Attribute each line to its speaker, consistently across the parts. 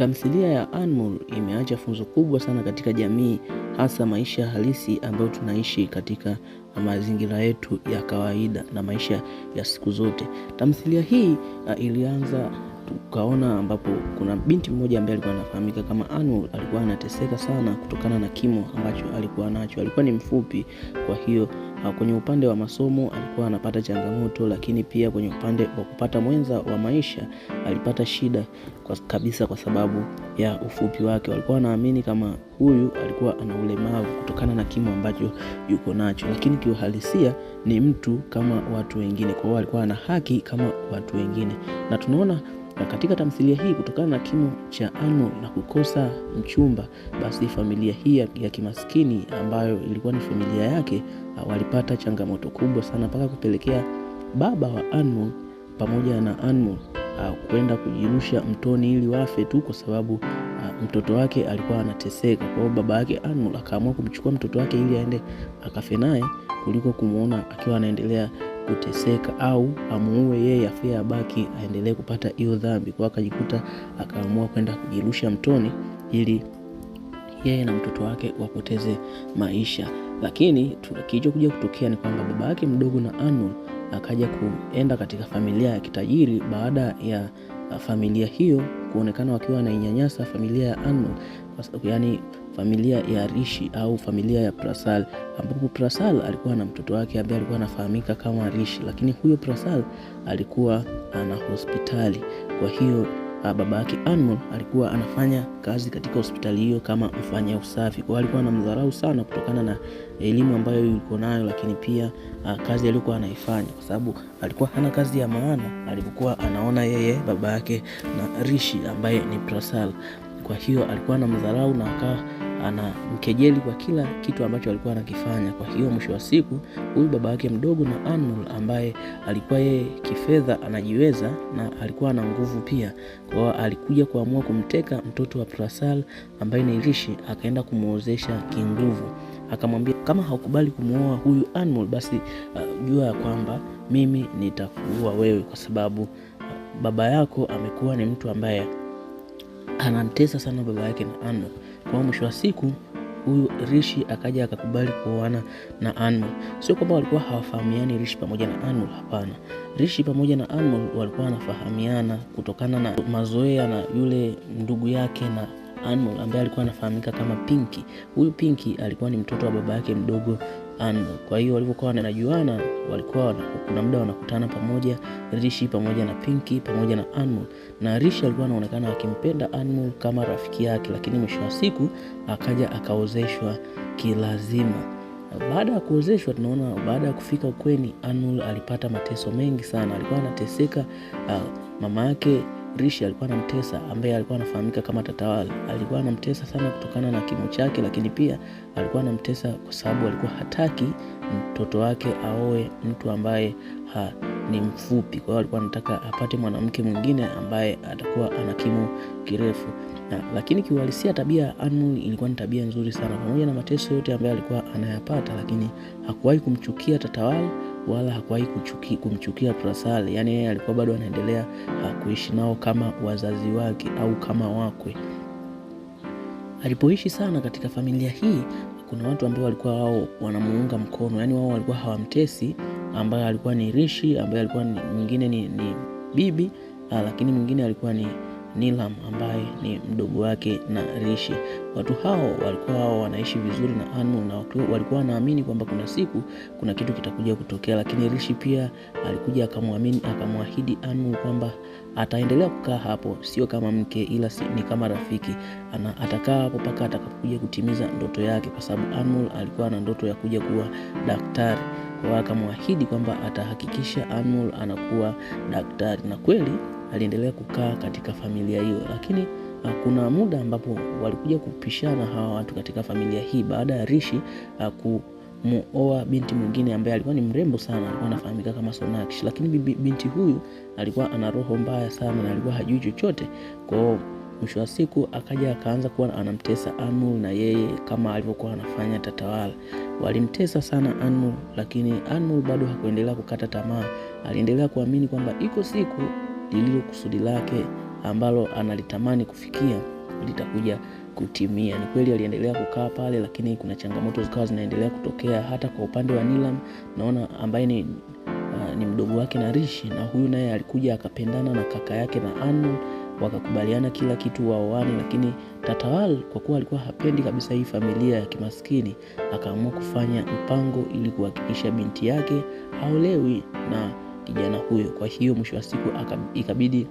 Speaker 1: Tamthilia ya Anmol imeacha funzo kubwa sana katika jamii, hasa maisha halisi ambayo tunaishi katika na mazingira yetu ya kawaida na maisha ya siku zote. Tamthilia hii uh, ilianza tukaona ambapo kuna binti mmoja ambaye alikuwa anafahamika kama Anu, alikuwa anateseka sana kutokana na kimo ambacho alikuwa nacho. Alikuwa ni mfupi, kwa hiyo uh, kwenye upande wa masomo alikuwa anapata changamoto, lakini pia kwenye upande wa kupata mwenza wa maisha alipata shida kwa kabisa, kwa sababu ya ufupi wake. Walikuwa wanaamini kama huyu alikuwa ana ulemavu kutokana na kimo ambacho yuko nacho, lakini kiuhalisia ni mtu kama watu wengine. Kwa hiyo alikuwa ana haki kama watu wengine, na tunaona na katika tamthilia hii kutokana na kimo cha Ano na kukosa mchumba, basi familia hii ya kimaskini ambayo ilikuwa ni familia yake ah, walipata changamoto kubwa sana, mpaka kupelekea baba wa Anmol pamoja na Anmol uh, kwenda kujirusha mtoni ili wafe tu kwa sababu uh, mtoto wake alikuwa anateseka. Kwa hiyo baba yake Anul akaamua kumchukua mtoto wake ili aende akafe naye kuliko kumwona akiwa anaendelea kuteseka au amuue yeye afia abaki aendelee kupata hiyo dhambi. Kwa akajikuta akaamua kwenda kujirusha mtoni ili yeye na mtoto wake wapoteze maisha. Lakini kilichokuja kutokea ni kwamba baba yake mdogo na Anul akaja kuenda katika familia ya kitajiri baada ya familia hiyo kuonekana wakiwa wanainyanyasa familia ya Arnold, yaani familia ya Rishi au familia ya Prasal, ambapo Prasal alikuwa na mtoto wake ambaye alikuwa anafahamika kama Rishi, lakini huyo Prasal alikuwa ana hospitali. Kwa hiyo uh, ah, baba yake Anmol alikuwa anafanya kazi katika hospitali hiyo kama mfanya usafi. Kwa hiyo alikuwa anamdharau sana kutokana na elimu ambayo yuko nayo, lakini pia uh, kazi aliyokuwa anaifanya, kwa sababu alikuwa hana kazi ya maana alivyokuwa anaona yeye baba yake na Rishi ambaye ni Prasal. Kwa hiyo alikuwa anamdharau na akaa anamkejeli kwa kila kitu ambacho alikuwa anakifanya. Kwa hiyo mwisho wa siku huyu baba yake mdogo na Arnold ambaye alikuwa yeye kifedha anajiweza na alikuwa na nguvu pia, kwa alikuja kuamua kumteka mtoto wa Prasal ambaye ni Rishi, akaenda kumuozesha kinguvu, akamwambia kama haukubali kumwoa huyu Arnold, basi uh, jua ya kwamba mimi nitakuua wewe, kwa sababu uh, baba yako amekuwa ni mtu ambaye anamtesa sana baba yake na Arnold kwao. Mwisho wa siku huyu Rishi akaja akakubali kuoana na Anmol. Sio kwamba walikuwa hawafahamiani Rishi pamoja na Anmol, hapana. Rishi pamoja na Anmol walikuwa wanafahamiana kutokana na mazoea na yule ndugu yake na Anmol ambaye alikuwa anafahamika kama Pinky. Huyu Pinky alikuwa ni mtoto wa baba yake mdogo And kwa hiyo walivyokuwa wanajuana, walikuwa kuna muda wanakutana pamoja Rishi pamoja na Pinky pamoja na Anmol, na Rishi alikuwa anaonekana akimpenda Anmol kama rafiki yake, lakini mwisho wa siku akaja akaozeshwa kilazima. Baada ya kuozeshwa, tunaona baada ya kufika ukweni, Anmol alipata mateso mengi sana, alikuwa anateseka. Uh, mama yake Rishi alikuwa anamtesa, ambaye alikuwa anafahamika kama Tatawala, alikuwa anamtesa sana kutokana na kimo chake, lakini pia alikuwa anamtesa kwa sababu alikuwa hataki mtoto wake aoe mtu ambaye ha, ni mfupi. Kwa hiyo alikuwa anataka apate mwanamke mwingine ambaye atakuwa ana kimo kirefu na, lakini kiuhalisia tabia ya ilikuwa ni tabia nzuri sana, pamoja na mateso yote ambaye alikuwa anayapata, lakini hakuwahi kumchukia Tatawala wala hakuwahi kumchukia Prasale, yaani yeye alikuwa bado anaendelea kuishi nao kama wazazi wake au kama wakwe. Alipoishi sana katika familia hii, kuna watu ambao walikuwa wao wanamuunga mkono, yaani wao walikuwa hawamtesi, ambaye alikuwa ni Rishi, ambaye alikuwa ni, mwingine ni, ni bibi, ah, lakini mwingine alikuwa ni Nilam ambaye ni mdogo wake na Rishi. Watu hao walikuwa hao wanaishi vizuri na Anu na walikuwa wanaamini kwamba kuna siku kuna kitu kitakuja kutokea, lakini Rishi pia alikuja akamwamini, akamwahidi Anu kwamba ataendelea kukaa hapo, sio kama mke, ila si, ni kama rafiki ana, atakaa hapo mpaka atakapokuja kutimiza ndoto yake, kwa sababu Anu alikuwa na ndoto ya kuja kuwa daktari akamwahidi kwamba atahakikisha Anmol anakuwa daktari na kweli aliendelea kukaa katika familia hiyo, lakini ah, kuna muda ambapo walikuja kupishana hawa watu katika familia hii baada ya Rishi ah, ku muoa binti mwingine ambaye alikuwa ni mrembo sana, alikuwa anafahamika kama Sonakshi, lakini binti huyu alikuwa ana roho mbaya sana na alikuwa hajui chochote. kwao mwisho wa siku akaja akaanza kuwa anamtesa Anmol na yeye kama alivyokuwa anafanya Tatawala. Walimtesa sana Anmol, lakini Anmol bado hakuendelea kukata tamaa, aliendelea kuamini kwamba iko siku lililo kusudi lake ambalo analitamani kufikia litakuja kutimia. Ni kweli aliendelea kukaa pale, lakini kuna changamoto zikawa zinaendelea kutokea. Hata kwa upande wa Nilam naona ambaye ni uh, ni mdogo wake na rishi na huyu naye alikuja akapendana na kaka yake na Anu wakakubaliana kila kitu waoane, lakini Tatawal kwa kuwa alikuwa hapendi kabisa hii familia ya kimaskini akaamua kufanya mpango ili kuhakikisha binti yake haolewi na kijana huyo. Kwa hiyo mwisho wa siku ikabidi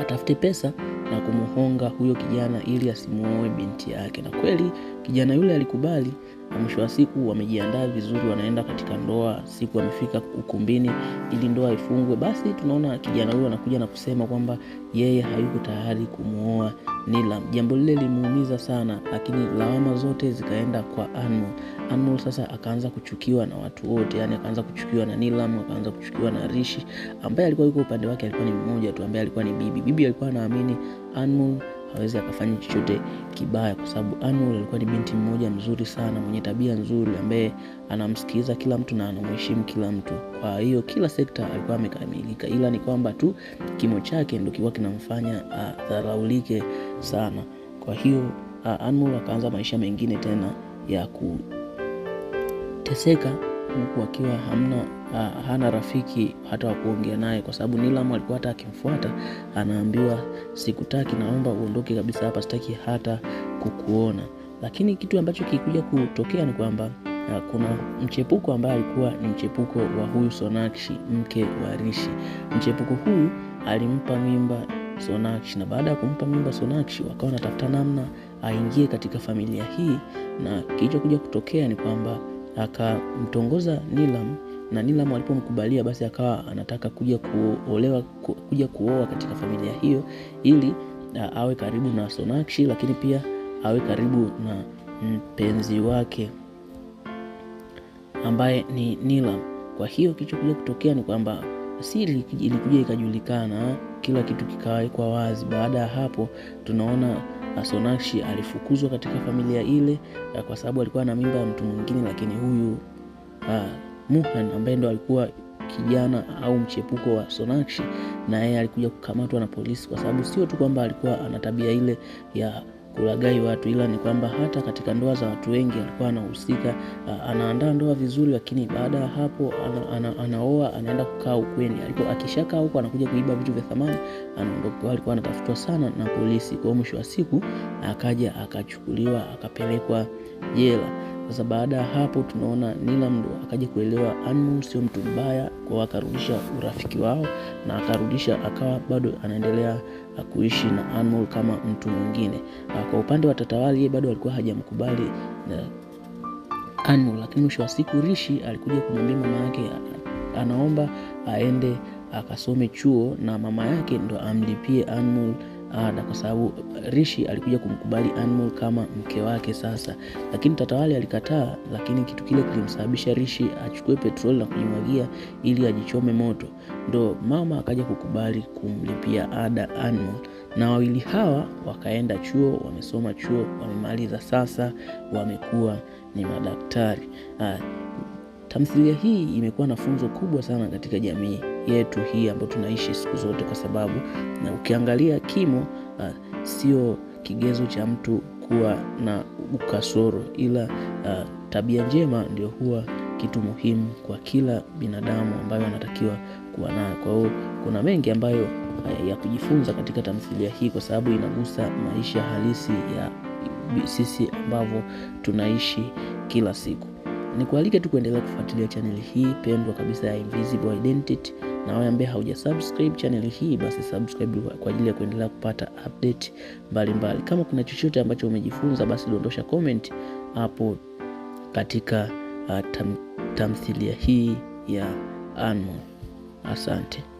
Speaker 1: atafute pesa na kumuhonga huyo kijana ili asimuoe binti yake, na kweli kijana yule alikubali, na mwisho wa siku wamejiandaa vizuri, wanaenda katika ndoa. Siku amefika ukumbini ili ndoa ifungwe, basi tunaona kijana huyo anakuja na kusema kwamba yeye hayuko tayari kumwoa Nilam. Jambo lile limuumiza sana, lakini lawama zote zikaenda kwa Anmol. Anmol sasa akaanza kuchukiwa na watu wote, yani akaanza kuchukiwa na Nilam, akaanza kuchukiwa na Rishi ambaye alikuwa yuko upande wake, alikuwa ni mmoja tu ambaye alikuwa ni bibi. Bibi alikuwa anaamini Anmol hawezi akafanya chochote kibaya kwa sababu Annual alikuwa ni binti mmoja mzuri sana mwenye tabia nzuri ambaye anamsikiliza kila mtu na anamheshimu kila mtu. Kwa hiyo kila sekta alikuwa amekamilika, ila ni kwamba tu kimo chake ndio kilikuwa kinamfanya ah, adharaulike sana. Kwa hiyo uh, akaanza maisha mengine tena ya kuteseka huku akiwa hamna ha, ah, hana rafiki hata wakuongea naye, kwa sababu Nilam alikuwa hata akimfuata anaambiwa, sikutaki, naomba uondoke kabisa hapa, sitaki hata kukuona. Lakini kitu ambacho kikuja kutokea ni kwamba ah, kuna mchepuko ambaye alikuwa ni mchepuko wa huyu Sonakshi, mke wa Rishi. Mchepuko huyu alimpa mimba Sonakshi, na baada ya kumpa mimba Sonakshi wakawa anatafuta namna aingie katika familia hii, na kilichokuja kutokea ni kwamba akamtongoza Nilam na Nilam alipomkubalia basi akawa anataka kuja kuolewa kuja kuoa katika familia hiyo ili uh, awe karibu na Sonakshi, lakini pia awe karibu na mpenzi wake ambaye ni Nilam. Kwa hiyo kilichokuja kutokea ni kwamba siri ilikuja ikajulikana, kila kitu kikawekwa wazi. Baada ya hapo, tunaona Sonakshi alifukuzwa katika familia ile kwa sababu alikuwa na mimba ya mtu mwingine, lakini huyu Muhan ambaye ndo alikuwa kijana au mchepuko wa Sonakshi, na yeye alikuja kukamatwa na polisi kwa sababu sio tu kwamba alikuwa ana tabia ile ya kulagai watu, ila ni kwamba hata katika ndoa za watu wengi alikuwa anahusika. Anaandaa ndoa vizuri, lakini baada ya hapo ana, ana, anaoa anaenda kukaa ukweni. Alikuwa akishakaa huko anakuja kuiba vitu vya thamani, anaondoka. Alikuwa anatafutwa sana na polisi, kwa mwisho wa siku akaja akachukuliwa akapelekwa jela. Sasa baada ya hapo tunaona Nilamdu akaja kuelewa Anmol sio mtu mbaya, kwa akarudisha urafiki wao na akarudisha akawa bado anaendelea kuishi na Anmol kama mtu mwingine. Ah, kwa upande wa Tatawali yeye bado alikuwa hajamkubali eh, Anmol, lakini mwisho wa siku Rishi alikuja kumwambia mama yake ah, anaomba aende akasome chuo na mama yake ndo amlipie Anmol ada, kwa sababu Rishi alikuja kumkubali Anmol kama mke wake sasa, lakini Tatawale alikataa, lakini kitu kile kilimsababisha Rishi achukue petroli na kujimwagia ili ajichome moto. Ndo mama akaja kukubali kumlipia ada Anmol, na wawili hawa wakaenda chuo, wamesoma chuo, wamemaliza sasa, wamekuwa ni madaktari. Ah, Tamthilia hii imekuwa na funzo kubwa sana katika jamii yetu hii ambayo tunaishi siku zote, kwa sababu na ukiangalia kimo uh, sio kigezo cha mtu kuwa na ukasoro, ila uh, tabia njema ndio huwa kitu muhimu kwa kila binadamu ambayo anatakiwa kuwa nayo. Kwa hiyo kuna mengi ambayo uh, ya kujifunza katika tamthilia hii, kwa sababu inagusa maisha halisi ya sisi ambavyo tunaishi kila siku nikualike tu kuendelea kufuatilia chaneli hii pendwa kabisa ya Invisible Identity, na wewe ambaye hauja subscribe chaneli hii, basi subscribe kwa ajili ya kuendelea kupata update mbalimbali mbali. Kama kuna chochote ambacho umejifunza, basi dondosha comment hapo katika uh, tam, tamthilia hii ya Anmo. Asante.